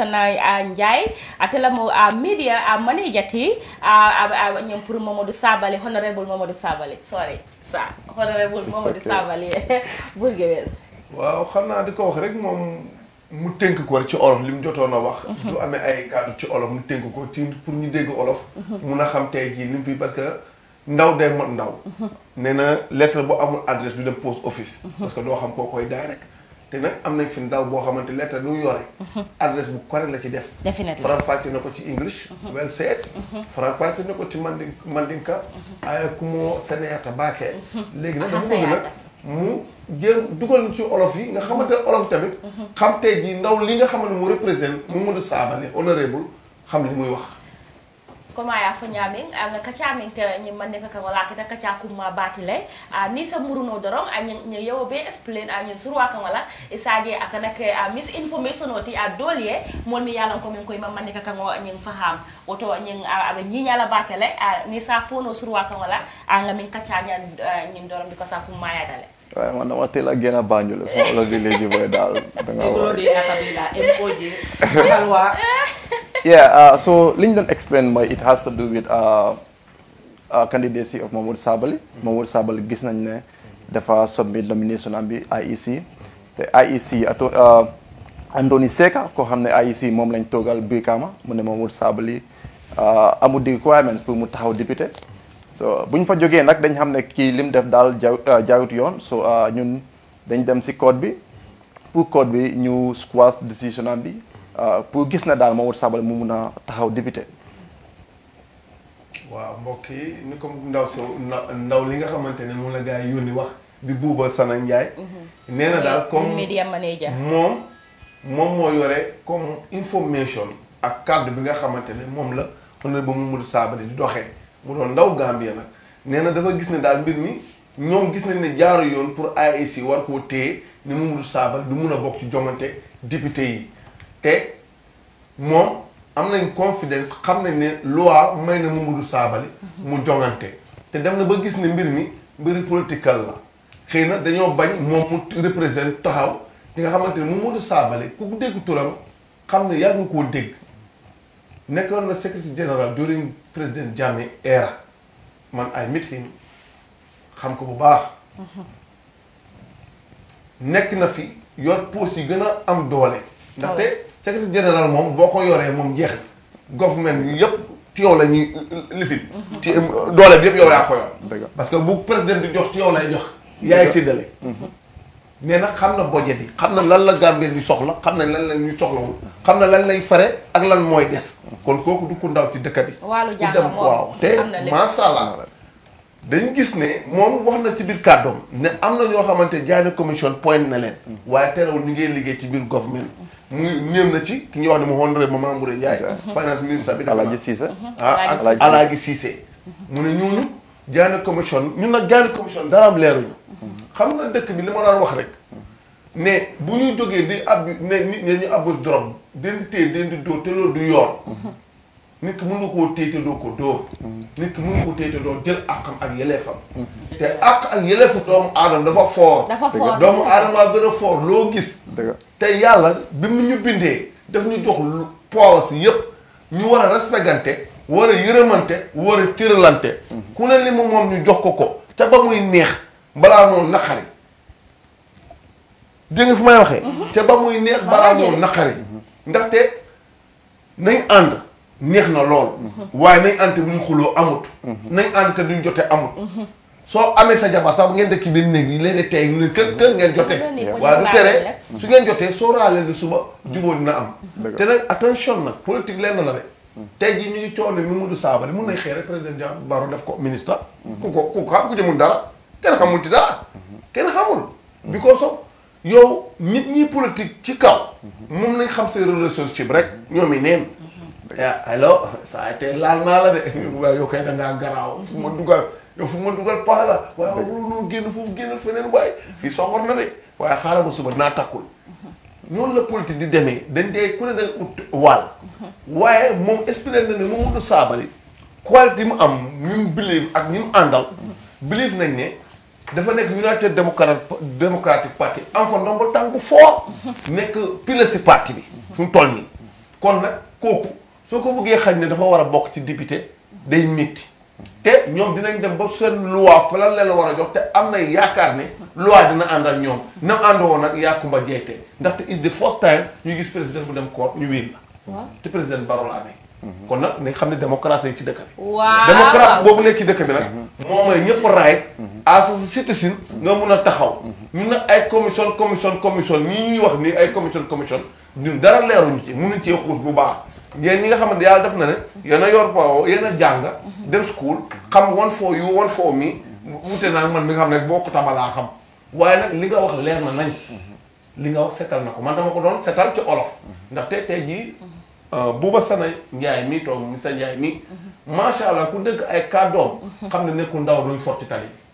Sanai uh, Njai, Atelamo uh, Media, uh, Manejati, waaw xam naa di ko wax rek moom mu tënk ko ci olof li mu jotoon a wax. Mhm. du amee ay kàddu ci olof mu tënk ko ci pour ñu dégg olof. Mhm. mun a xam tey jii li mu fi parce que ndaw day mot ndaw. Mhm. nee na lettre bu amul adresse du dem post office. parce que doo xam koo koy direct te nag am na fi ndaw boo xamante lettre bi mu yore. adresse bu correct la ci def. definitely faram-fàcce na ko ci English. well said. faram-fàcce na ko ci mandin mandinka. ay kumoo Sénéata baakee. léegi nag ah, dama bëgg nag mu jéem dugal ci olof yi nga xamante olof tamit. xam tey jii ndaw li nga xamante mu représenté. mu mën a saabale honorable xam li muy wax. koma ya fo a anga kaca min ke ñi mande ka kango a kita kaca kuma batile a ni sa muruno dorong a ñi yewo be explain a ñi surwa kango la isaje akana a misinformation a dolye mol mi yalan ko min koy mam mande ka kango ñi faham woto ñi abe ñi ñala batele a ni sa fono surwa kango la anga min kaca ñan ñi dorom bi ko sa kuma ya dale waaye man dama teel a génn a Banjul sama la village boy daal da nga war a. yeah uh, so li ñu doon explain mooy it has to do with uh, uh, candidacy of Mamoud Sabali Mamoud Sabali gis nañ ne dafa submit nomination am bi IEC te IEC ato Andoni Seka koo xam ne IEC moom lañ toogal Brikama mu ne Mamoud Sabali amul di requirements pour mu taxaw député so bu ñu fa jógee nag dañ xam ne kii lim def daal jaawut yoon so ñun dañ dem si code bi pour code bi ñu squash décision bi Euh, pour gis na daal Momodou Sabally mu mun a taxaw député. waaw mbokk yi ni comme ndaw si ndaw li nga xamante ne moom la gars yi yónni wax di buuba Sana Ndiaye. Mhm. nee na daal comme media manager moom moom moo yore comme information ak cadre bi nga xamante ne moom la mu Momodou Sabally di doxee mu doon ndaw Gambia nag nee na dafa gis ne daal mbir mi ñoom gis nañ ne jaaro yoon pour AIC war koo téye mu Momodou Sabally du mun a bokk ci joŋante député yi. te moom am nañ confidence xam nañ ne loi may na Mamadou Sabally mu jongante te def na ba gis ne mbir mi mbiri political la xëy na dañoo bañ moom mu représente taxaw di nga xamante ne mu Mamadou Sabally ku dégg turam xam ne yàgg nga koo dégg nekkoon na secrétaire général during président Jammeh era man ay meeting xam ko bu baax nekk na fi yor poste yi gën a am doole ndaxte secrétaire général moom boo ko yoree moom jeex government bi yëpp ci yow la ñuy lifin mhm. ci doole bi yëpp yow yaa ko yor parce que bu président di jox ci yow lay jox yaay séddale mais mhm. nag xam na budget yi xam na lan la Gambien bi soxla xam na lan la ñuy soxlawul xam na lan lay fare ak lan mooy des kon kooku du ku ndaw ci dëkk bi ku dem waaw te macha allah dañ gis ne moom wax na ci biir kàddoom ne am na ñoo xamante jaane commission point na leen mhm. waaye terewul ñu ngi liggéey ci biir government mu néew na ci ki ñuy wax ne mu honoré ma Mamour Ndiaye. finance ministre bi Alaaji Cissé. ah Alaaji Cissé mu ne ñooñu jaani commission ñun nag jaani commission daraam leeruñu. xam nga dëkk bi li ma daan wax rek. ne bu ñu jógee di ab ne nit ñi ñu abus drogue den di téye den te loolu du yoon. nit ki mën nga koo téye te ko dóor. Mm-hmm. nit ki mën koo téye te doo jël àqam ak yelleefam. Mm-hmm. te àq ak yelleefu doomu aadama dafa foor. dafa foor doomu gën a foor loo gis. te yàlla bi mu ñu bindee daf ñu jox lu poos yëpp ñu war a respectante war a yërëmante war a cëralante. Mm-hmm. ku ne li mu moom ñu jox ko ko. ca ba muy neex balaa moom naqari. dégg fu may waxee. ca ba muy neex balaa moom naqari. ndaxte nañ ànd. neex na lool. waaye nañ ante bu ñu xuloo amut. nañ ante duñ jote amut. soo amee sa jabar sax bu ngeen dëkk benn néeg yi léeg-léeg tey ne kër kër ngeen jote waaw du tere su ngeen jotee soo raalee ni suba hmm. jubóo dina am. te nag attention nag politique lenn la de. tey jii ñu ngi coono Mamadou Sabally mun nañ xëy rek président Diagne Baro def ko ministre. ku ko ku ko xam ku ci mun dara kenn xamul ci dara. kenn xamul. because of yow nit ñi politique ci kaw. moom nañ xam seen relationship rek ñoom i neen. ah allo ça a été laal naa la de yow kay da garaaw fu ma dugal yow fu ma dugal paa waaye warul noonu fii soxor na de waaye xaaral ba suba naa takkul ñoonu la politique di demee dañ dee ku ne da ut wàll waaye moom expliqué na ne Mamadou Sabally qualité mu am ñun believe ak ñun àndal believe nañ ne dafa nekk United Democratic Party am fa ndombo tànk fort nekk pile si parti bi fu mu toll nii kon nag kooku soo ko bëggee xañ ne dafa war a bokk ci député day métti te ñoom dinañ dem ba seen loi fa lan la war a jox te am na yaakaar ne loi dina ànd ak ñoom na àndoo woon nag yaakumba jeyte ndaxte it's the first time ñu gis président bu dem koor ñu wér la te président Barrow la amee mhm. kon nag nañ xam ne démocratie ci dëkk bi. waaw démocratie boobu nekk ci dëkk bi nag. Mhm. moo may ñëpp raay. à mhm. sa citizen nga mun a taxaw. ñu nag ay commission commission commission ñi ñuy wax nii ay commission commission ñun dara leeruñu ci munuñ cee xuus bu baax. yéen ñi nga xamante yàlla def na ne yéen a yor pao yéen a jàng dem school xam one for you one for me wute naa man mi nga xam ne boo ko tabalaa xam waaye nag li nga wax leer na nañ li nga wax setal na ko man dama ko doon setal ci olof ndax tey tey jii euh, buuba sana njaay mi toog mi sa njaay mi mhm. macha allah ku dëkk ay kàddoom xam ne nekkul ndaw luñ forti tali